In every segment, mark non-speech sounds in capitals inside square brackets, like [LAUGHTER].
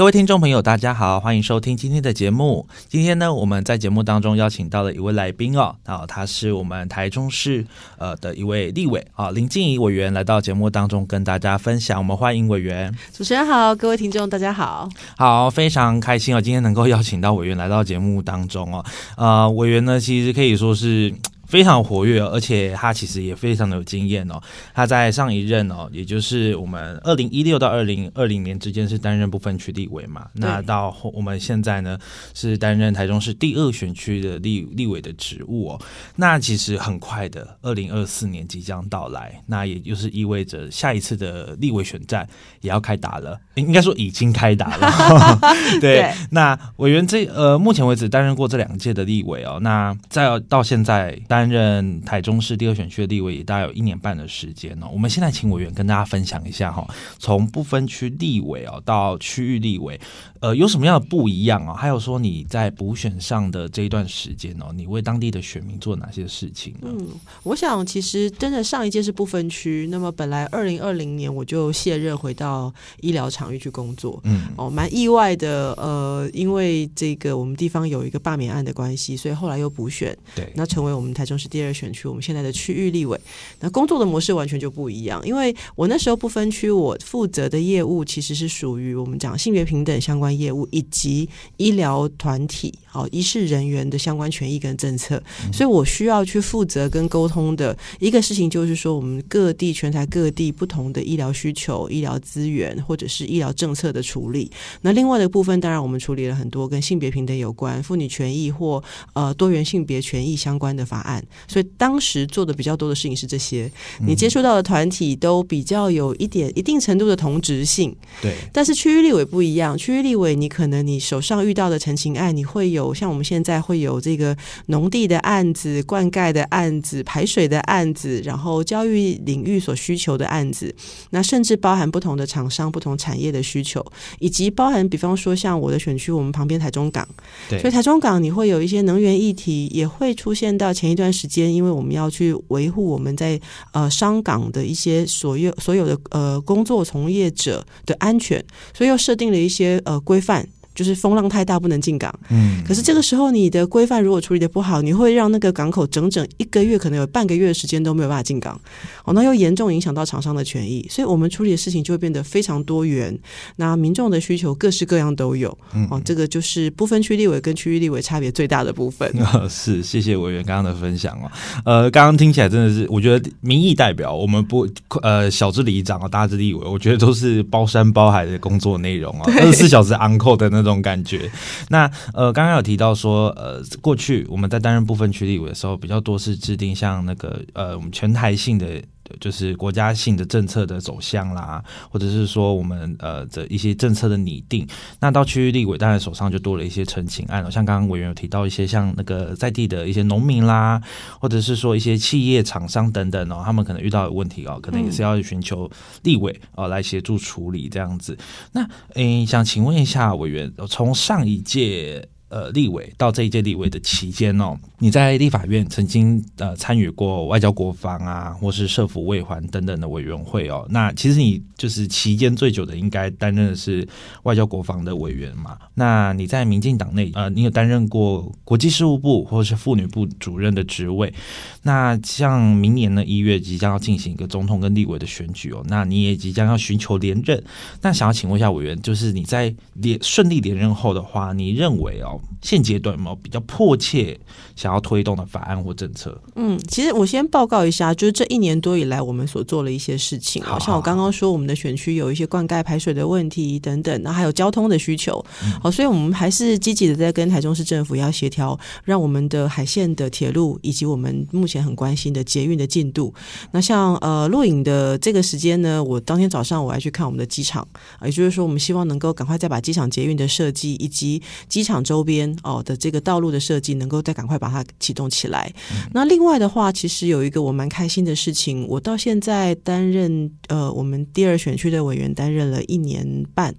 各位聽眾朋友，大家好，歡迎收聽今天的節目。今天呢，我們在節目當中邀請到了一位來賓哦，那他是我們台中市呃的一位立委啊、呃，林靜儀委員來到節目當中跟大家分享。我們歡迎委員。主持人好，各位聽眾大家好，好，非常開心哦，今天能夠邀請到委員來到節目當中哦，啊、呃，委員呢其實可以說是。非常活躍，而且他其實也非常的有經驗哦。他在上一任哦，也就是我們二零一六到二零二零年之間是擔任不分區立委嘛。那到我們現在呢是擔任台中市第二選區的立立委的職務哦。那其實很快的，二零二四年即將到來，那也就是意味着下一次的立委選戰也要開打了，欸、應該說已經開打了。 [LAUGHS] [LAUGHS] 對，對，那委員這呃，目前為止擔任過這兩屆的立委哦，那再到現在擔任臺中市第二選區的立委也大概有一年半的時間哦，我們現在請委員跟大家分享一下哈、哦，從不分區立委哦到區域立委，呃，有什麼樣的不一樣啊、哦？還有說你在補選上的這一段時間哦，你為當地的選民做哪些事情呢？嗯，我想其實真的上一屆是不分區，那麼本來二零二零年我就卸任回到醫療場域去工作，嗯，哦，蠻意外的，呃，因為這個我們地方有一個罷免案的關係，所以後來又補選，對，那成為我們台。就是第二選區，我們現在的區域立委，那工作的模式完全就不一樣。因為我那時候不分區，我負責的業務其實是屬於我們講性別平等相關業務以及醫療團體。好、哦，醫事人員的相關權益跟政策，嗯、所以我需要去負責跟溝通的一個事情，就是說我們各地全台各地不同的醫療需求、醫療資源或者是醫療政策的處理。那另外的部分，當然我們處理了很多跟性別平等有關、婦女權益或呃多元性別權益相關的法案。所以當時做的比較多的事情是這些，你接觸到的團體都比較有一點一定程度的同質性。對、嗯，但是區域立委不一樣，區域立委你可能你手上遇到的陳情案，你會有。有像我們現在會有這個農地的案子、灌溉的案子、排水的案子，然後教育領域所需求的案子，那甚至包含不同的廠商、不同產業的需求，以及包含比方說像我的選區，我們旁邊台中港，所以台中港你會有一些能源議題，也會出現到前一段時間，因為我們要去維護我們在呃商港的一些所有所有的呃工作從業者的安全，所以又設定了一些呃規範。就是風浪太大，不能進港。嗯，可是這個時候，你的規範如果處理得不好，你會讓那個港口整整一個月，可能有半個月的時間都沒有辦法進港。哦，那又嚴重影響到廠商的權益。所以，我們處理的事情就會變得非常多元。那民眾的需求各式各樣都有。哦，嗯、這個就是不分區立委跟區域立委差別最大的部分。是，謝謝委員剛剛的分享哦、啊，呃，剛剛聽起來真的是，我覺得民意代表，我們不呃小至里長啊，大至立委，我覺得都是包山包海的工作內容啊，二十四小時 on call 的那種。種感覺，那呃，剛剛有提到說，呃，過去我們在擔任不分區立委的時候，比較多是制定像那個呃，我們全台性的。就是國家性的政策的走向啦，或者是說我們呃的一些政策的擬定，那到區域立委當然手上就多了一些陳情案哦。像剛剛委員有提到一些像那個在地的一些農民啦，或者是說一些企業廠商等等哦，他們可能遇到的問題哦，可能也是要尋求立委哦來協助處理這樣子。嗯，那嗯，想請問一下委員，從上一屆。呃，立委到這一屆立委的期間哦，你在立法院曾經呃參與過外交國防啊，或是社福衛環等等的委員會哦。那其實你就是期間最久的，應該擔任的是外交國防的委員嘛。那你在民進黨內呃，你有擔任過國際事務部或是婦女部主任的職位。那像明年的一月即將要進行一個總統跟立委的選舉哦，那你也即將要尋求連任。那想要請問一下委員，就是你在連順利連任後的話，你認為哦？現階段嘛，比較迫切想要推動的法案或政策？嗯，其實我先報告一下，就是這一年多以來我們所做了一些事情，好好像我剛剛說，我們的選區有一些灌溉排水的問題等等，那還有交通的需求。嗯。好，所以我們還是積極的在跟台中市政府要協調，讓我們的海線的鐵路以及我們目前很關心的捷運的進度。那像呃錄影的這個時間呢，我當天早上我還去看我們的機場，也就是說，我們希望能夠趕快再把機場捷運的設計以及機場周邊。邊哦的這個道路的設計，能夠再趕快把它啟動起來。嗯。那另外的話，其實有一個我蠻開心的事情，我到現在擔任呃我們第二選區的委員，擔任了一年半。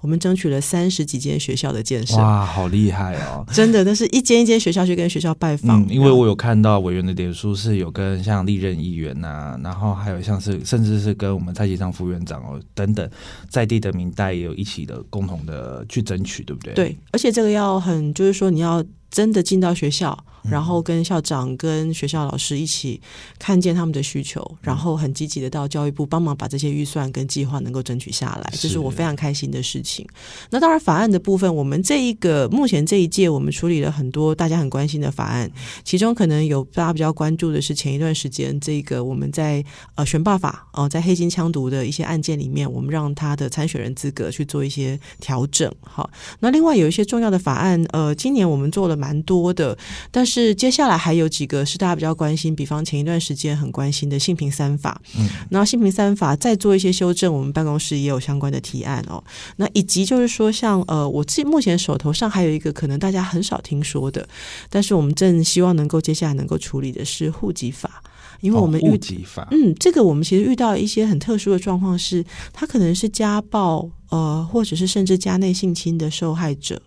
我們爭取了三十幾間學校的建設，哇，好厲害哦！真的，那是一間一間學校去跟學校拜訪，嗯、因為我有看到委員的臉書是有跟像歷任議員吶、啊，然後還有像是甚至是跟我們蔡其昌副院長哦等等在地的民代也有一起的共同的去爭取，對不對？對，而且這個要很，就是說你要。真的進到學校，然後跟校長、跟學校老師一起看見他們的需求、嗯，然後很積極的到教育部幫忙把這些預算跟計劃能夠爭取下來，是這是我非常開心的事情。那當然，法案的部分，我們這一個目前這一屆，我們處理了很多大家很關心的法案，其中可能有大家比較關注的是前一段時間這個我們在呃選罷法哦、呃，在黑金槍毒的一些案件裡面，我們讓他的參選人資格去做一些調整。好，那另外有一些重要的法案，呃，今年我們做了。蠻多的，但是接下來還有幾個是大家比較關心，比方前一段時間很關心的性平三法，嗯，然後性平三法再做一些修正，我們辦公室也有相關的提案哦。那以及就是說像，像呃，我自己目前手頭上還有一個可能大家很少聽說的，但是我們正希望能夠接下來能夠處理的是戶籍法，因為我們戶籍法，哦，戶籍法，嗯，這個我們其實遇到一些很特殊的狀況，是它可能是家暴，呃，或者是甚至家內性侵的受害者。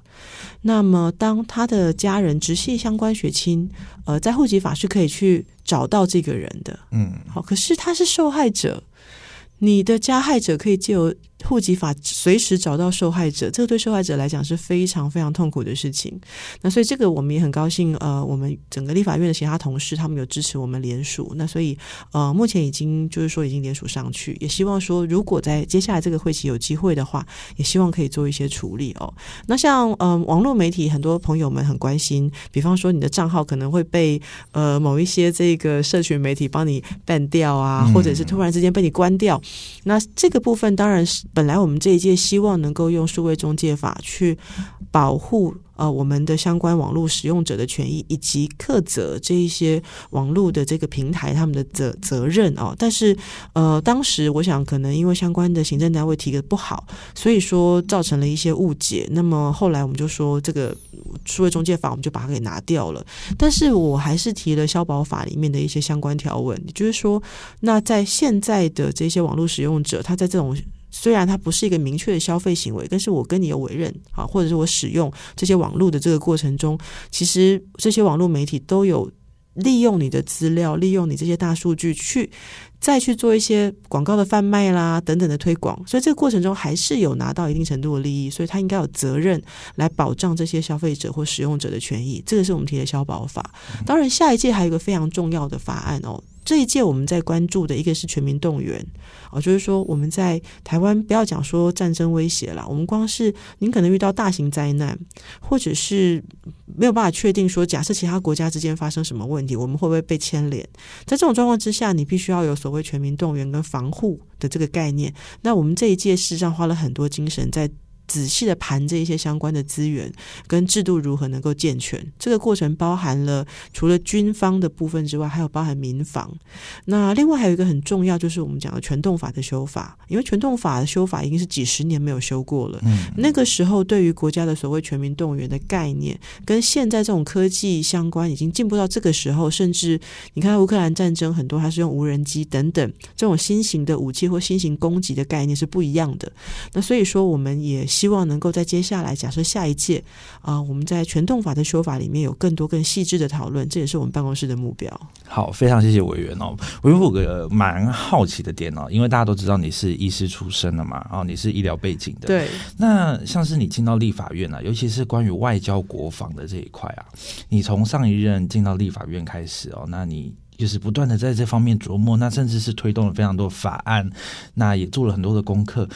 那麼，當他的家人直系相關血親，呃，在戶籍法是可以去找到這個人的，嗯，好，可是他是受害者，你的加害者可以借由。戶籍法隨時找到受害者，這個對受害者來講是非常非常痛苦的事情。那所以這個我們也很高興，呃，我們整個立法院的其他同事他們有支持我們聯署，那所以呃目前已經就是說已經聯署上去，也希望說如果在接下來這個會期有機會的話，也希望可以做一些處理哦。那像呃，網絡媒體很多朋友們很關心，比方說你的賬號可能會被呃某一些這個社群媒體幫你 ban 掉啊、嗯，或者是突然之間被你關掉，那這個部分當然是。本來我們這一屆希望能夠用數位中介法去保護呃我們的相關網絡使用者的權益以及克責這一些網絡的這個平台他們的責責任哦，但是呃當時我想可能因為相關的行政單位提得不好，所以說造成了一些誤解。那麼後來我們就說這個數位中介法我們就把它給拿掉了，但是我還是提了消保法裡面的一些相關條文，也就是說，那在現在的這些網絡使用者他在這種。雖然它不是一個明確的消費行為，但是我跟你有委任啊，或者是我使用這些網絡的這個過程中，其實這些網絡媒體都有利用你的資料，利用你這些大數據去再去做一些廣告的販賣啦等等的推廣，所以這個過程中還是有拿到一定程度的利益，所以他應該有責任來保障這些消費者或使用者的權益。這個是我們提的消保法，當然下一屆還有一個非常重要的法案哦。這一屆我們在關注的一個是全民動員哦，就是說我們在台灣不要講說戰爭威脅啦，我們光是您可能遇到大型災難，或者是沒有辦法確定說，假設其他國家之間發生什麼問題，我們會不會被牽連？在這種狀況之下，你必須要有所謂全民動員跟防護的這個概念。那我們這一屆事實上花了很多精神在。仔細地盤這一些相關的資源跟制度如何能夠健全，這個過程包含了除了軍方的部分之外，還有包含民防。那另外還有一個很重要，就是我們講的《全動法》的修法，因為《全動法》的修法已經是幾十年沒有修過了。嗯。那個時候對於國家的所謂全民動員的概念，跟現在這種科技相關已經進步到這個時候，甚至你看烏克蘭戰爭，很多它是用無人機等等這種新型的武器或新型攻擊的概念是不一樣的。那所以說我們也。希望能夠在接下來，假設下一屆啊、呃，我們在全動法的修法裡面有更多更細緻的討論，這也是我們辦公室的目標。好，非常謝謝委員哦。我有一個蠻好奇的點哦，因為大家都知道你是醫師出身的嘛，然、哦、你是醫療背景的。對。那像是你進到立法院啊，尤其是關於外交國防的這一塊啊，你從上一任進到立法院開始哦，那你就是不斷的在這方面琢磨，那甚至是推動了非常多法案，那也做了很多的功課。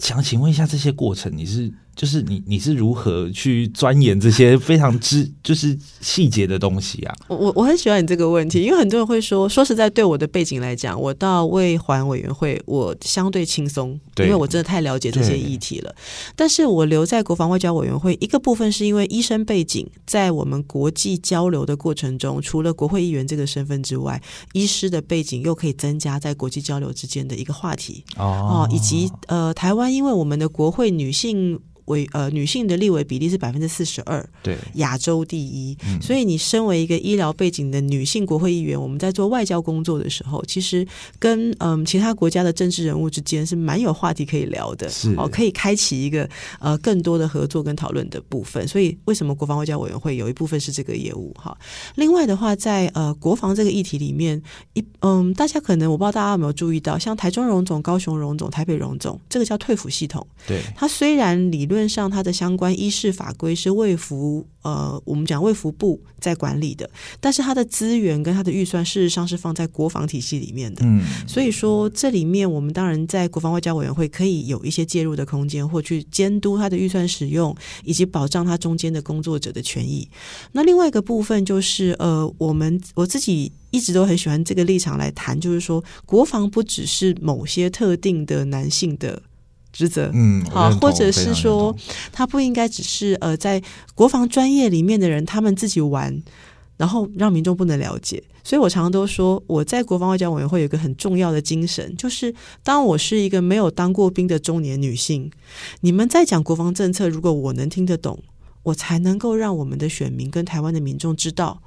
想請問一下這些過程，你是？就是你，你是如何去鑽研這些非常之 [LAUGHS] 就是細節的東西啊？我我很喜歡你這個問題，因為很多人會說，說實在對我的背景來講，我到衛環委員會我相對輕鬆，對，因為我真的太了解這些議題了。但是我留在國防外交委員會，一個部分是因為醫生背景，在我們國際交流的過程中，除了國會議員這個身份之外，醫師的背景又可以增加在國際交流之間的一個話題哦，哦，以及呃，台灣因為我們的國會女性。為呃女性的立委比例是百分之四十二，對，亞洲第一，嗯。所以你身為一個醫療背景的女性國會議員，我們在做外交工作的時候，其實跟嗯、呃、其他國家的政治人物之間是蠻有話題可以聊的，是哦，可以開啟一個呃更多的合作跟討論的部分。所以為什麼國防外交委員會有一部分是這個業務哈？另外的話，在呃國防這個議題裡面，一，嗯、呃、大家可能我不知道大家有沒有注意到，像台中榮總、高雄榮總、台北榮總，這個叫退輔系統，對，它雖然理論。上他的相關醫事法規是衛福，呃，我們講衛福部在管理的，但是他的資源跟他的預算事實上是放在國防體系裡面的。嗯，所以說這裡面我們當然在國防外交委員會可以有一些介入的空間，或去監督他的預算使用，以及保障他中間的工作者的權益。那另外一個部分就是呃，我們我自己一直都很喜歡這個立場來談，就是說國防不只是某些特定的男性的職責，嗯，好，或者是說，他不應該只是呃，在國防專業裡面的人，他們自己玩，然後讓民眾不能了解。所以我常常都說，我在國防外交委員會有一個很重要的精神，就是當我是一個沒有當過兵的中年女性，你們在講國防政策，如果我能聽得懂，我才能夠讓我們的選民跟台灣的民眾知道。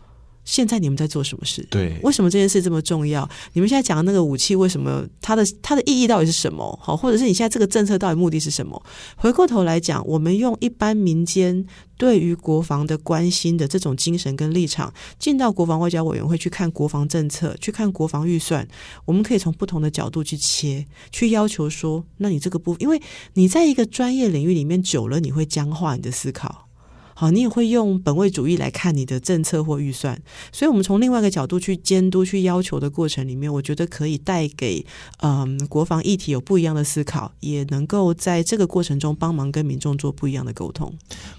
現在你們在做什麼事？對，為什麼這件事這麼重要？你們現在講的那個武器，為什麼它的它的意義到底是什麼？好，或者是你現在這個政策到底目的是什麼？回過頭來講，我們用一般民間對於國防的關心的這種精神跟立場，進到國防外交委員會去看國防政策，去看國防預算，我們可以從不同的角度去切，去要求說，那你這個部分，因為你在一個專業領域裡面久了，你會僵化你的思考。好，你也會用本位主義來看你的政策或預算，所以，我們從另外一個角度去監督、去要求的過程裡面，我覺得可以帶給嗯、呃、國防議題有不一樣的思考，也能夠在這個過程中幫忙跟民眾做不一樣的溝通。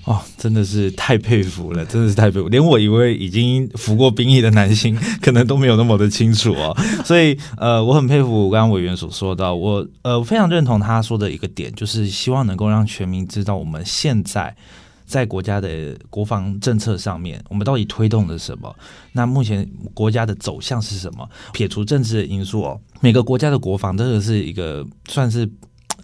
哦，真的是太佩服了，真的是太佩服，連我一位已經服過兵役的男性， [LAUGHS] 可能都沒有那麼的清楚啊、哦。所以，呃，我很佩服我剛剛委員所說的，我呃我非常認同他說的一個點，就是希望能夠讓全民知道我們現在。在國家的國防政策上面，我們到底推動了什麼？那目前國家的走向是什麼？撇除政治的因素哦，每個國家的國防真的是一個算是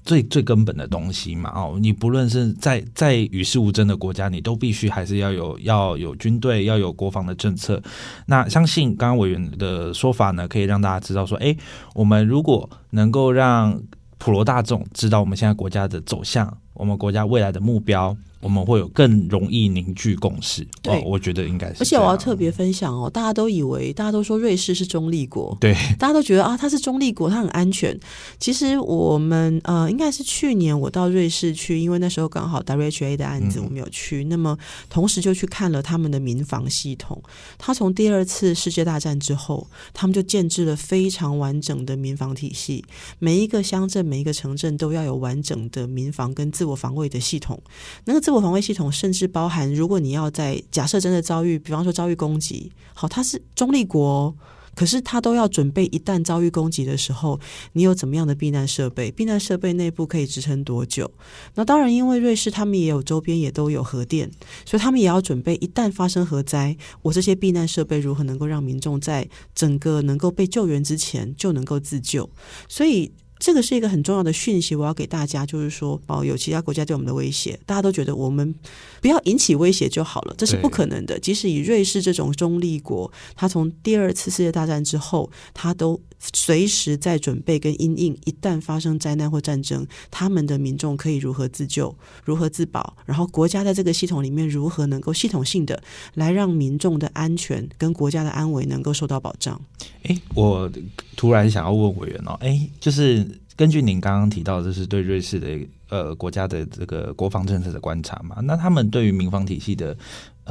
最最根本的東西嘛，哦，你不論是在在與世無爭的國家，你都必須還是要有要有軍隊，要有國防的政策。那相信剛剛委員的說法呢，可以讓大家知道說，哎，我們如果能夠讓普羅大眾知道我們現在國家的走向，我們國家未來的目標。我們會有更容易凝聚共識，對，哦、我覺得應該是。而且我要特別分享哦，大家都以為，大家都說瑞士是中立國，對，大家都覺得啊，它是中立國，它很安全。其實我們呃，應該是去年我到瑞士去，因為那時候剛好 WHA 的案子，我們有去，嗯。那麼同時就去看了他們的民防系統。他從第二次世界大戰之後，他們就建制了非常完整的民防體系。每一個鄉鎮、每一個城鎮都要有完整的民防跟自我防衛的系統，那個。自我防衛系統甚至包含，如果你要在假設真的遭遇，比方說遭遇攻擊，好，它是中立國哦，可是它都要準備，一旦遭遇攻擊的時候，你有怎麼樣的避難設備？避難設備內部可以支撐多久？那當然，因為瑞士他們也有周邊也都有核電，所以他們也要準備，一旦發生核災，我這些避難設備如何能夠讓民眾在整個能夠被救援之前就能夠自救。所以。這個是一個很重要的訊息，我要給大家，就是說，哦，有其他國家對我們的威脅，大家都覺得我們不要引起威脅就好了，這是不可能的。即使以瑞士這種中立國，他從第二次世界大戰之後，他都隨時在準備跟因應。一旦發生災難或戰爭，他們的民眾可以如何自救、如何自保，然後國家在這個系統裡面如何能夠系統性的來讓民眾的安全跟國家的安危能夠受到保障。哎，我突然想要問委員哦，哎，就是。根據您剛剛提到，這是對瑞士的呃國家的這個國防政策的觀察嘛？那他們對於民防體系的。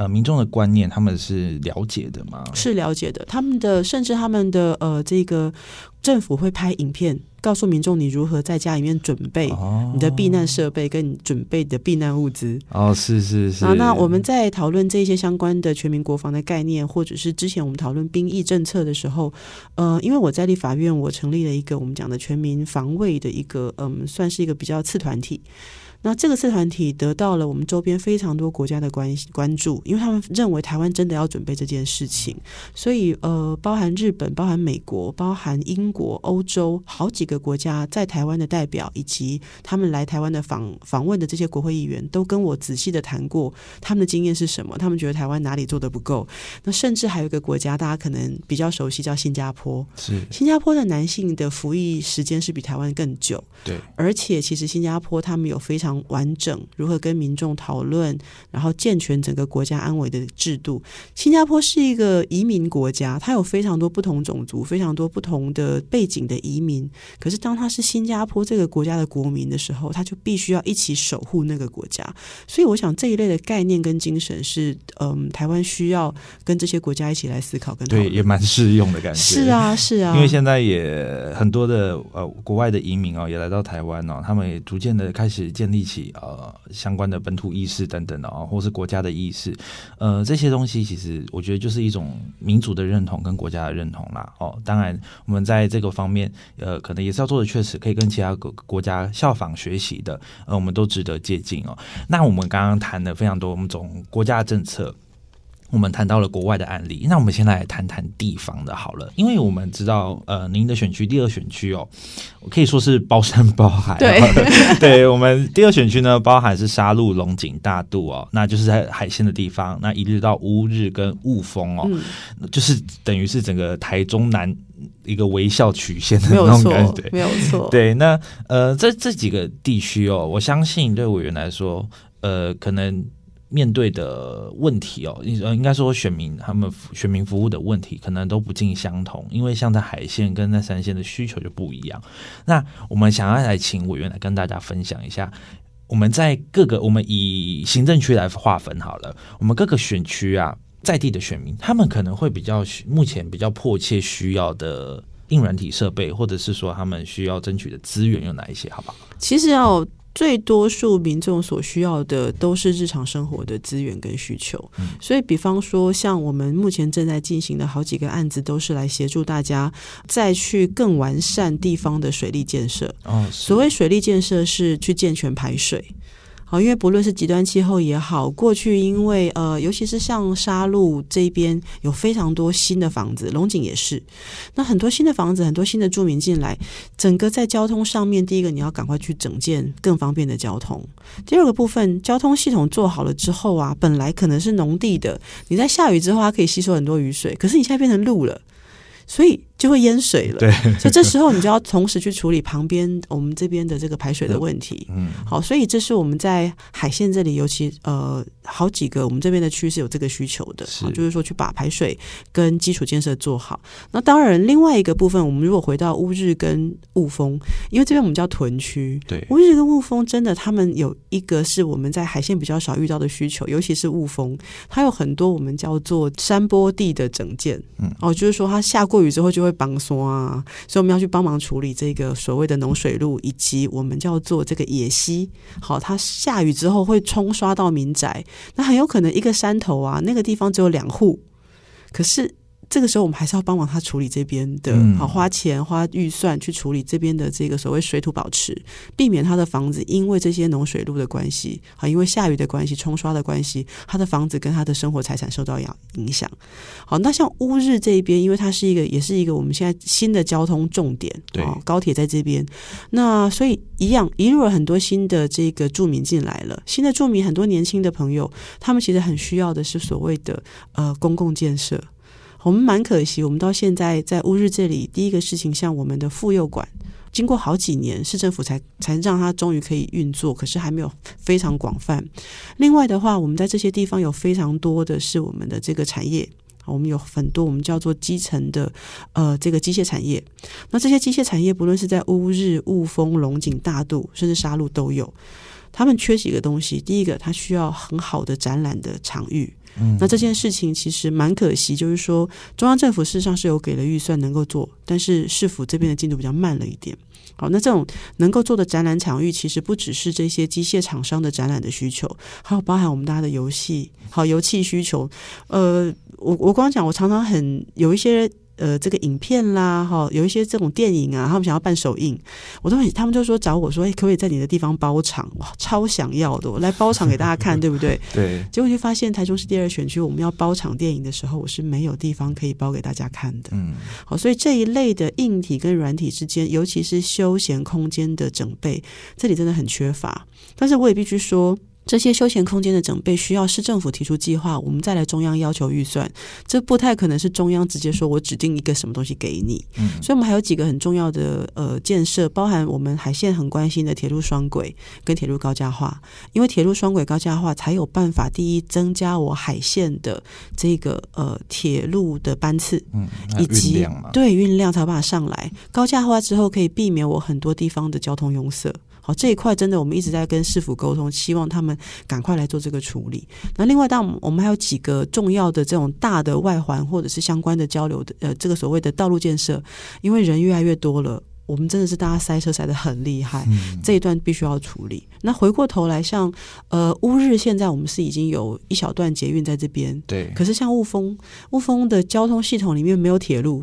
呃，民眾的觀念，他們是了解的嗎？是了解的，他們的甚至他們的呃，這個政府會拍影片告訴民眾你如何在家裡面準備你的避難設備，跟你準備你的避難物資。哦，是是是是。啊，那我們在討論這些相關的全民國防的概念，或者是之前我們討論兵役政策的時候，呃，因為我在立法院，我成立了一個我們講的全民防衛的一個，嗯，呃，算是一個比較次團體。那這個社團體得到了我們周邊非常多國家的關關注，因為他們認為台灣真的要準備這件事情，所以呃，包含日本、包含美國、包含英國、歐洲好幾個國家在台灣的代表，以及他們來台灣的訪訪問的這些國會議員，都跟我仔細的談過他們的經驗是什麼，他們覺得台灣哪裡做得不夠。那甚至還有一個國家，大家可能比較熟悉，叫新加坡，是新加坡的男性的服役時間是比台灣更久。對，而且其實新加坡他們有非常完整，如何跟民眾討論，然後健全整個國家安危的制度。新加坡是一個移民國家，它有非常多不同種族、非常多不同的背景的移民。可是當他是新加坡這個國家的國民的時候，他就必須要一起守護那個國家。所以，我想這一類的概念跟精神是，嗯、呃，台灣需要跟這些國家一起來思考跟討論。對，也蠻適用的感覺。 [LAUGHS] 是啊，是啊，因為現在也很多的呃國外的移民哦，也來到台灣哦，他們也逐漸的開始建立。一起呃相關的本土意識等等的啊、哦，或是國家的意識，呃這些東西其實我覺得就是一種民族的認同跟國家的認同啦哦。當然，我們在這個方面呃可能也是要做的，確實可以跟其他國國家效仿學習的，呃我們都值得借鑒哦。那我們剛剛談了非常多，我們從國家政策。我們談到了國外的案例，那我們先來談談地方的好了，因為我們知道，呃，您的選區第二選區哦，可以說是包山包海，對，對， [LAUGHS] 對我們第二選區呢，包含是沙鹿、龍井、大肚哦，那就是在海線的地方，那一直到烏日跟霧峰哦、嗯，就是等於是整個台中南一個微笑曲線的那種感覺，沒有錯，對，沒有錯，對，那呃，這這幾個地區哦，我相信對委員來說，呃，可能。面對的問題哦，應應該說選民他們選民服務的問題，可能都不盡相同，因為像在海線跟在山線的需求就不一樣。那我們想要來請委員來跟大家分享一下，我們在各個我們以行政區來劃分好了，我們各個選區啊，在地的選民，他們可能會比較目前比較迫切需要的硬軟體設備，或者是說他們需要爭取的資源有哪一些，好不好？其實要、啊。嗯最多數民眾所需要的都是日常生活的資源跟需求。嗯。所以比方說，像我們目前正在進行的好幾個案子，都是來協助大家再去更完善地方的水利建設。哦，所謂水利建設是去健全排水。好，因為不論是極端氣候也好，過去因為呃，尤其是像沙鹿這邊有非常多新的房子，龍井也是，那很多新的房子，很多新的住民進來，整個在交通上面，第一個你要趕快去整建更方便的交通，第二個部分交通系統做好了之後啊，本來可能是農地的，你在下雨之後它可以吸收很多雨水，可是你現在變成路了，所以。就會淹水了，對，所以這時候你就要同時去處理旁邊我們這邊的這個排水的問題。 [LAUGHS] 嗯，好，所以這是我們在海線這裡，尤其呃好幾個我們這邊的區是有這個需求的，好，就是說去把排水跟基礎建設做好。那當然，另外一個部分，我們如果回到烏日跟霧峰，因為這邊我們叫屯區，對，烏日跟霧峰真的他們有一個是我們在海線比較少遇到的需求，尤其是霧峰，它有很多我們叫做山坡地的整建。嗯，哦，就是說它下過雨之後就會。會幫刷啊，所以我們要去幫忙處理這個所謂的農水路，以及我們叫做這個野溪。好，它下雨之後會沖刷到民宅，那很有可能一個山頭啊，那個地方只有兩戶，可是。這個時候，我們還是要幫忙他處理這邊的，嗯、好花錢花預算去處理這邊的這個所謂水土保持，避免他的房子因為這些農水路的關係，好因為下雨的關係、沖刷的關係，他的房子跟他的生活財產受到影影響。好，那像烏日這一邊，因為它是一個也是一個我們現在新的交通重點，對，高鐵在這邊，那所以一樣引入了很多新的這個住民進來了，新的住民很多年輕的朋友，他們其實很需要的是所謂的呃公共建設。我們蠻可惜，我們到現在在烏日這裡，第一個事情像我們的婦幼館，經過好幾年，市政府才才讓它終於可以運作，可是還沒有非常廣泛。另外的話，我們在這些地方有非常多的是我們的這個產業，我們有很多我們叫做基層的呃這個機械產業。那這些機械產業，不論是在烏日、霧峰、龍井、大肚，甚至沙鹿都有。他們缺幾個東西，第一個，它需要很好的展覽的場域。嗯，那這件事情其實蠻可惜，就是說中央政府事實上是有給了預算能夠做，但是市府這邊的進度比較慢了一點。好，那這種能夠做的展覽場域，其實不只是這些機械廠商的展覽的需求，還有包含我們大家的遊戲，好遊戲需求。呃，我我剛剛講，我常常很有一些。呃，這個影片啦，哈、哦，有一些這種電影啊，他們想要辦首映，我都很，他們就說找我說、欸，可不可以在你的地方包場？哇，超想要的、哦，我來包場給大家看， [LAUGHS] 對不對？對。結果就發現，台中市第二選區，我們要包場電影的時候，我是沒有地方可以包給大家看的。嗯。好，所以這一類的硬體跟軟體之間，尤其是休閒空間的整備，這裡真的很缺乏。但是我也必須說。這些休閒空間的整備需要市政府提出計劃，我們再來中央要求預算，這不太可能是中央直接說我指定一個什麼東西給你。嗯、所以，我們還有幾個很重要的呃建設，包含我們海線很關心的鐵路雙軌跟鐵路高架化，因為鐵路雙軌高架化才有辦法第一增加我海線的這個呃鐵路的班次，嗯，運量以及對運量才有辦法上來。高架化之後可以避免我很多地方的交通擁塞。好，這一塊真的我們一直在跟市府溝通，希望他們趕快來做這個處理。那另外，當我們還有幾個重要的這種大的外環或者是相關的交流的，呃，這個所謂的道路建設，因為人越來越多了，我們真的是大家塞車塞得很厲害，嗯，這一段必須要處理。那回過頭來，像呃烏日，現在我們是已經有一小段捷運在這邊，對。可是像霧峰，霧峰的交通系統裡面沒有鐵路。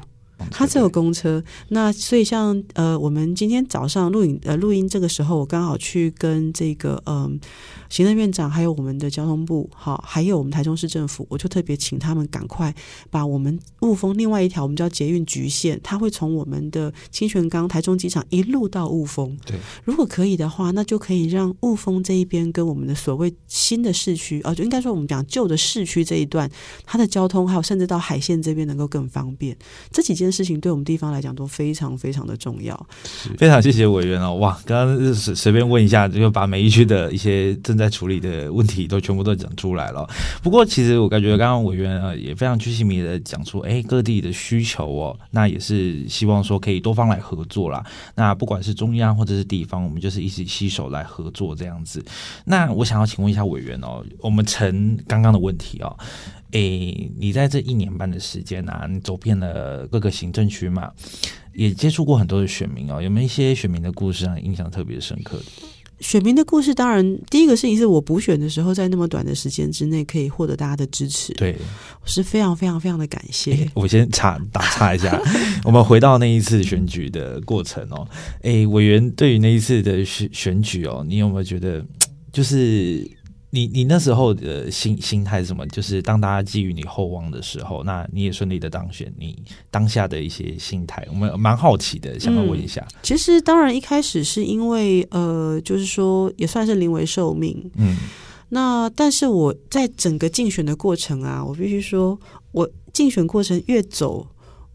他只有公車，那所以像呃，我們今天早上錄影呃錄音這個時候，我剛好去跟這個嗯。呃行政院長，還有我們的交通部，好，還有我們台中市政府，我就特別請他們趕快把我們霧峰另外一條，我們叫捷運橘線，它會從我們的清泉崗台中機場一路到霧峰。對，如果可以的話，那就可以讓霧峰這一邊跟我們的所謂新的市區，啊、呃，就應該說我們講舊的市區這一段，它的交通還有甚至到海線這邊能夠更方便。這幾件事情對我們地方來講都非常非常的重要。非常謝謝委員哦，哇，剛剛隨隨便問一下，就把每一區的一些在處理的問題都全部都講出來了。不過，其實我感覺剛剛委員啊也非常巨細靡遺的講出，哎、欸，各地的需求哦，那也是希望說可以多方來合作啦。那不管是中央或者是地方，我們就是一起攜手來合作這樣子。那我想要請問一下委員哦，我們承剛剛的問題哦，哎、欸，你在這一年半的時間啊，你走遍了各個行政區嘛，也接觸過很多的選民哦，有沒有一些選民的故事讓、啊、你印象特別深刻的？選民的故事，當然第一個事情是我補選的時候，在那麼短的時間之內可以獲得大家的支持，對我是非常非常非常的感謝。欸、我先查打岔一下， [LAUGHS] 我們回到那一次選舉的過程哦。哎、欸，委員對於那一次的選選舉哦，你有沒有覺得就是？你你那時候的心心態是什麼？就是當大家寄予你厚望的時候，那你也順利的當選。你當下的一些心態，我們蠻好奇的，想要問一下。嗯，其實當然一開始是因為呃，就是說也算是臨危受命。嗯，那但是我在整個競選的過程啊，我必須說我競選過程越走，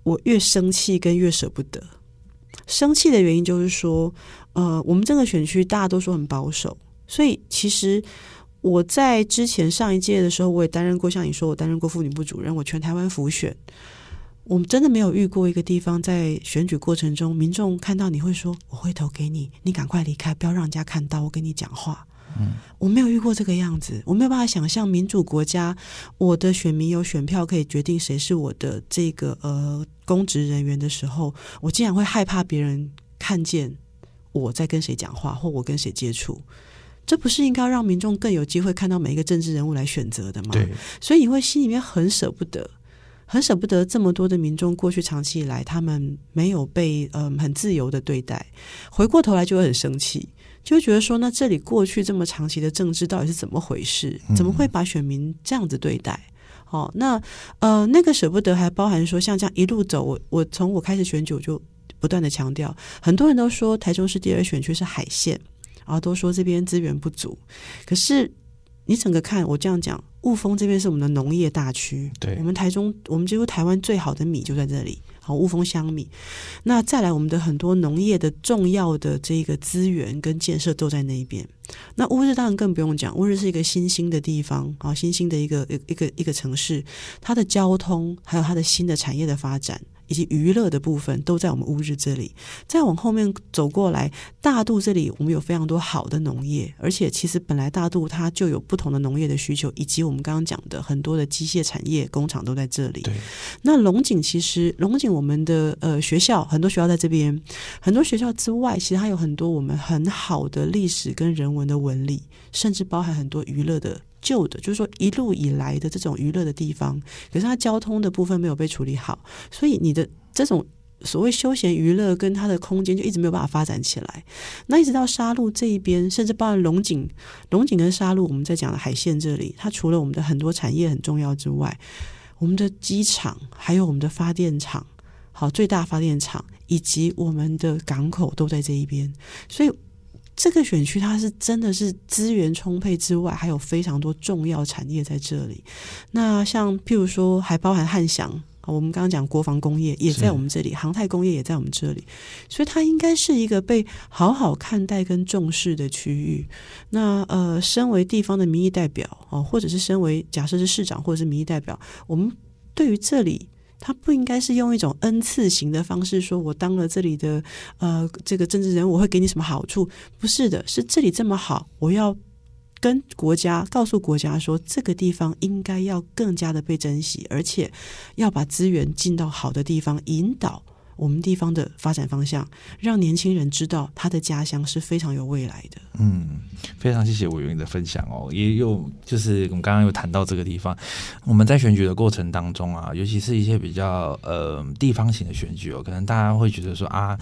我越生氣跟越捨不得。生氣的原因就是說，呃，我們這個選區大多數很保守，所以其實。我在之前上一屆的時候，我也擔任過，像你說，我擔任過婦女部主任，我全台灣輔選。我們真的沒有遇過一個地方，在選舉過程中，民眾看到你會說：“我會投給你，你趕快離開，不要讓人家看到我跟你講話。”嗯，我沒有遇過這個樣子，我沒有辦法想象民主國家，我的選民有選票可以決定誰是我的這個呃公職人員的時候，我竟然會害怕別人看見我在跟誰講話，或我跟誰接觸。這不是應該讓民眾更有機會看到每一個政治人物來選擇的嗎？對，所以你會心裡面很捨不得，很捨不得這麼多的民眾過去長期以來他們沒有被嗯、呃、很自由的對待，回過頭來就會很生氣，就會覺得說，那這裡過去這麼長期的政治到底是怎麼回事？怎麼會把選民這樣子對待？好、嗯哦，那呃，那個捨不得還包含說，像這樣一路走，我我從我開始選舉我就不斷的強調，很多人都說台中市第二選區是海線然後都說這邊資源不足，可是你整個看，我這樣講，霧峰這邊是我們的農業大區，對，我們台中，我們幾乎台灣最好的米就在這裡，好，霧峰香米。那再來，我們的很多農業的重要的這個資源跟建設都在那邊。那烏日當然更不用講，烏日是一個新興的地方，好，新興的一個一一個一個城市，它的交通還有它的新的產業的發展。以及娛樂的部分都在我們烏日這裡。再往後面走過來，大肚這裡我們有非常多好的農業，而且其實本來大肚它就有不同的農業的需求，以及我們剛剛講的很多的機械產業工廠都在這裡。對，那龍井其實龍井我們的呃學校很多學校在這邊，很多學校之外，其實它有很多我們很好的歷史跟人文的紋理，甚至包含很多娛樂的，舊的，就是說一路以來的這種娛樂的地方，可是它交通的部分沒有被處理好，所以你的這種所謂休閒娛樂跟它的空間就一直沒有辦法發展起來。那一直到沙鹿這一邊，甚至包括龍井、龍井跟沙鹿。我們在講的海線這裡，它除了我們的很多產業很重要之外，我們的機場還有我們的發電廠，好，最大發電廠以及我們的港口都在這一邊，所以。這個選區它是真的是資源充沛之外，還有非常多重要產業在這裡。那像譬如說，還包含漢翔，我們剛剛講國防工業也在我們這裡，航太工業也在我們這裡，所以它應該是一個被好好看待跟重視的區域。那呃，身為地方的民意代表哦，或者是身為假設是市長或者是民意代表，我們對於這裡。他不應該是用一種恩賜型的方式說，我當了這裡的呃這個政治人物，我會給你什麼好處？不是的，是這裡這麼好，我要跟國家告訴國家說，這個地方應該要更加的被珍惜，而且要把資源進到好的地方引導。我們地方的發展方向，讓年輕人知道他的家鄉是非常有未來的。嗯，非常謝謝委員的分享哦。也有就是我們剛剛有談到這個地方，我們在選舉的過程當中啊，尤其是一些比較呃地方型的選舉哦，可能大家會覺得說啊，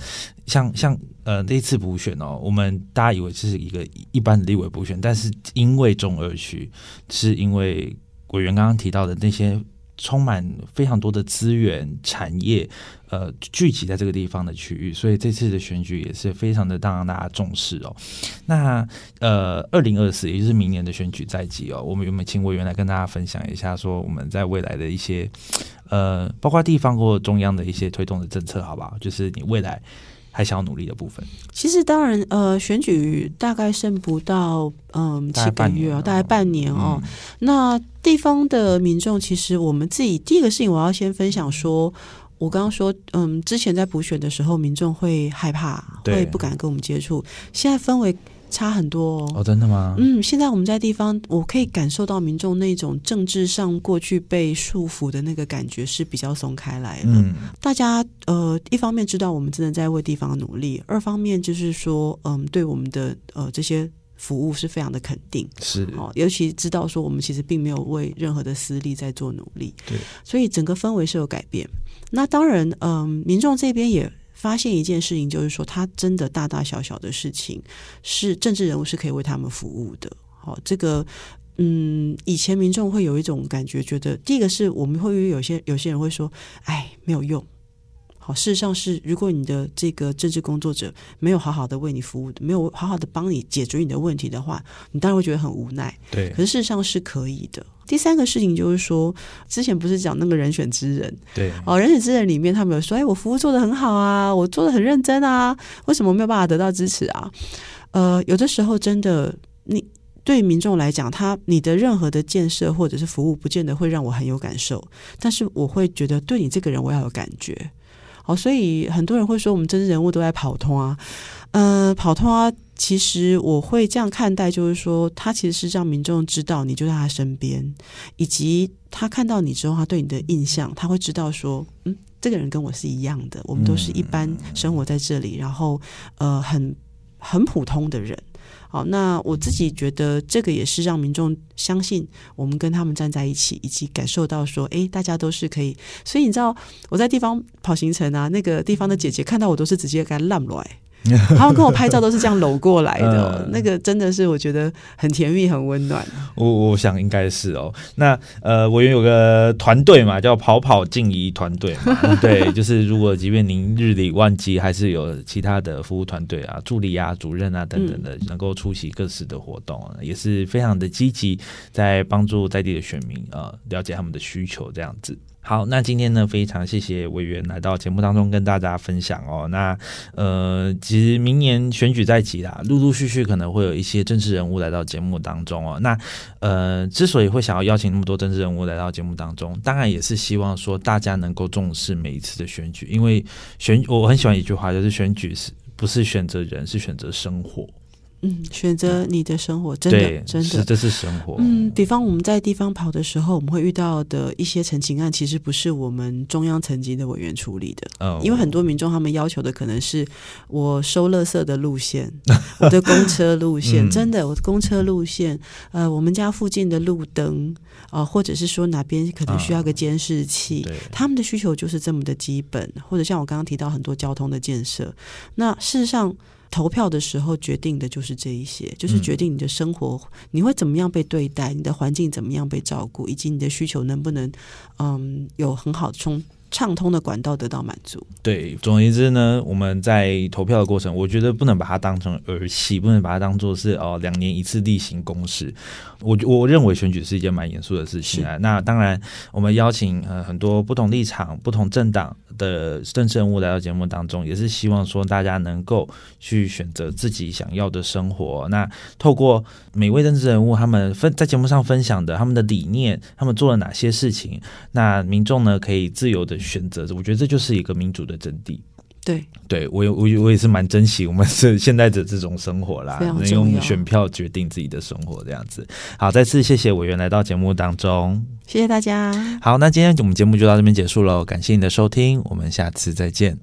像像呃這次補選哦，我們大家以為這是一個一般的立委補選，但是因為中二區是因為委員剛剛提到的那些。充滿非常多的資源產業，呃，聚集在這個地方的區域，所以這次的選舉也是非常的當，讓大家重視哦。那呃，二零二四，也就是明年的選舉在即哦，我們有沒有請委員來跟大家分享一下，說我們在未來的一些呃，包括地方或中央的一些推動的政策，好不好？就是你未來，還想要努力的部分，其實當然，呃，選舉大概剩不到嗯七個月啊，大概半年哦，嗯。那地方的民眾，其實我們自己第一個事情，我要先分享說，我剛剛說，嗯，之前在補選的時候，民眾會害怕，會不敢跟我們接觸，現在氛圍。差很多哦。哦，真的嗎？嗯，現在我們在地方，我可以感受到民眾那種政治上過去被束縛的那個感覺是比較鬆開來的。嗯。大家呃，一方面知道我們真的在為地方努力，二方面就是說，嗯，呃，對我們的呃這些服務是非常的肯定，是哦。尤其知道說我們其實並沒有為任何的私利在做努力，對。所以整個氛圍是有改變。那當然，嗯，呃，民眾這邊也。發現一件事情，就是說，他真的大大小小的事情，是政治人物是可以為他們服務的。好，這個，嗯，以前民眾會有一種感覺，覺得第一個是我們會有些有些人會說，哎，沒有用。好，事實上是，如果你的這個政治工作者沒有好好的為你服務，沒有好好的幫你解決你的問題的話，你當然會覺得很無奈。對，可是事實上是可以的。第三個事情就是說，之前不是講那個人選之人，對，哦，人選之人裡面，他們有說，哎，我服務做得很好啊，我做的很認真啊，為什麼我沒有辦法得到支持啊？呃，有的時候真的，你對民眾來講，他你的任何的建設或者是服務，不見得會讓我很有感受，但是我會覺得對你這個人，我要有感覺。哦。所以很多人會說，我們政治人物都在跑通啊，嗯、呃，跑通啊。其實我會這樣看待，就是說，他其實是讓民眾知道你就在他身邊，以及他看到你之後，他對你的印象，他會知道說，嗯，這個人跟我是一樣的，我們都是一般生活在這裡，嗯、然後呃，很很普通的人。好，那我自己覺得這個也是讓民眾相信我們跟他們站在一起，以及感受到說，哎，大家都是可以。所以你知道我在地方跑行程啊，那個地方的姐姐看到我都是直接給他爛了 [LAUGHS] 他們跟我拍照都是這樣摟過來的、哦呃，那個真的是我覺得很甜蜜、很溫暖。我我想應該是哦，那呃，我原有個團隊嘛，叫跑跑靜儀團隊嘛，對，就是如果即便您日理萬機，還是有其他的服務團隊啊、助理啊、主任啊等等的，能夠出席各式的活動，嗯、也是非常的積極，在幫助在地的選民啊，了解他們的需求這樣子。好，那今天呢，非常謝謝委員來到節目當中跟大家分享哦。那呃，其實明年選舉在即啦，陸陸續續可能會有一些政治人物來到節目當中哦。那呃，之所以會想要邀請那麼多政治人物來到節目當中，當然也是希望說大家能夠重視每一次的選舉，因為選，我很喜歡一句話，就是選舉是不是選擇人，是選擇生活。嗯，選擇你的生活，真、嗯、的，真的，真的是這是生活。嗯，比方我們在地方跑的時候，我們會遇到的一些陳情案，其實不是我們中央層級的委員處理的。哦、嗯，因為很多民眾他們要求的可能是我收垃圾的路線，嗯、我的公車路線， [LAUGHS] 真的，我的公車路線，呃，我們家附近的路燈啊、呃，或者是說哪邊可能需要個監視器、嗯，他們的需求就是這麼的基本，或者像我剛剛提到很多交通的建設，那事實上。投票的時候決定的就是這一些，就是決定你的生活，嗯，你會怎麼樣被對待，你的環境怎麼樣被照顧，以及你的需求能不能，嗯，有很好的充。暢通的管道得到滿足。對，總而言之呢，我們在投票的過程，我覺得不能把它當成兒戲，不能把它當做是哦、呃、兩年一次例行公事。我我認為選舉是一件蠻嚴肅的事情啊。那當然，我們邀請呃很多不同立場、不同政黨的政治人物來到節目當中，也是希望說大家能夠去選擇自己想要的生活。那透過每位政治人物他們分在節目上分享的他們的理念，他們做了哪些事情，那民眾呢可以自由的。選擇，我覺得這就是一個民主的真諦。對，對我我我也是蠻珍惜我們是現在的這種生活啦，能用選票決定自己的生活這樣子。好，再次謝謝委員來到節目當中，謝謝大家。好，那今天我們節目就到這邊結束囉，感謝你的收聽，我們下次再見。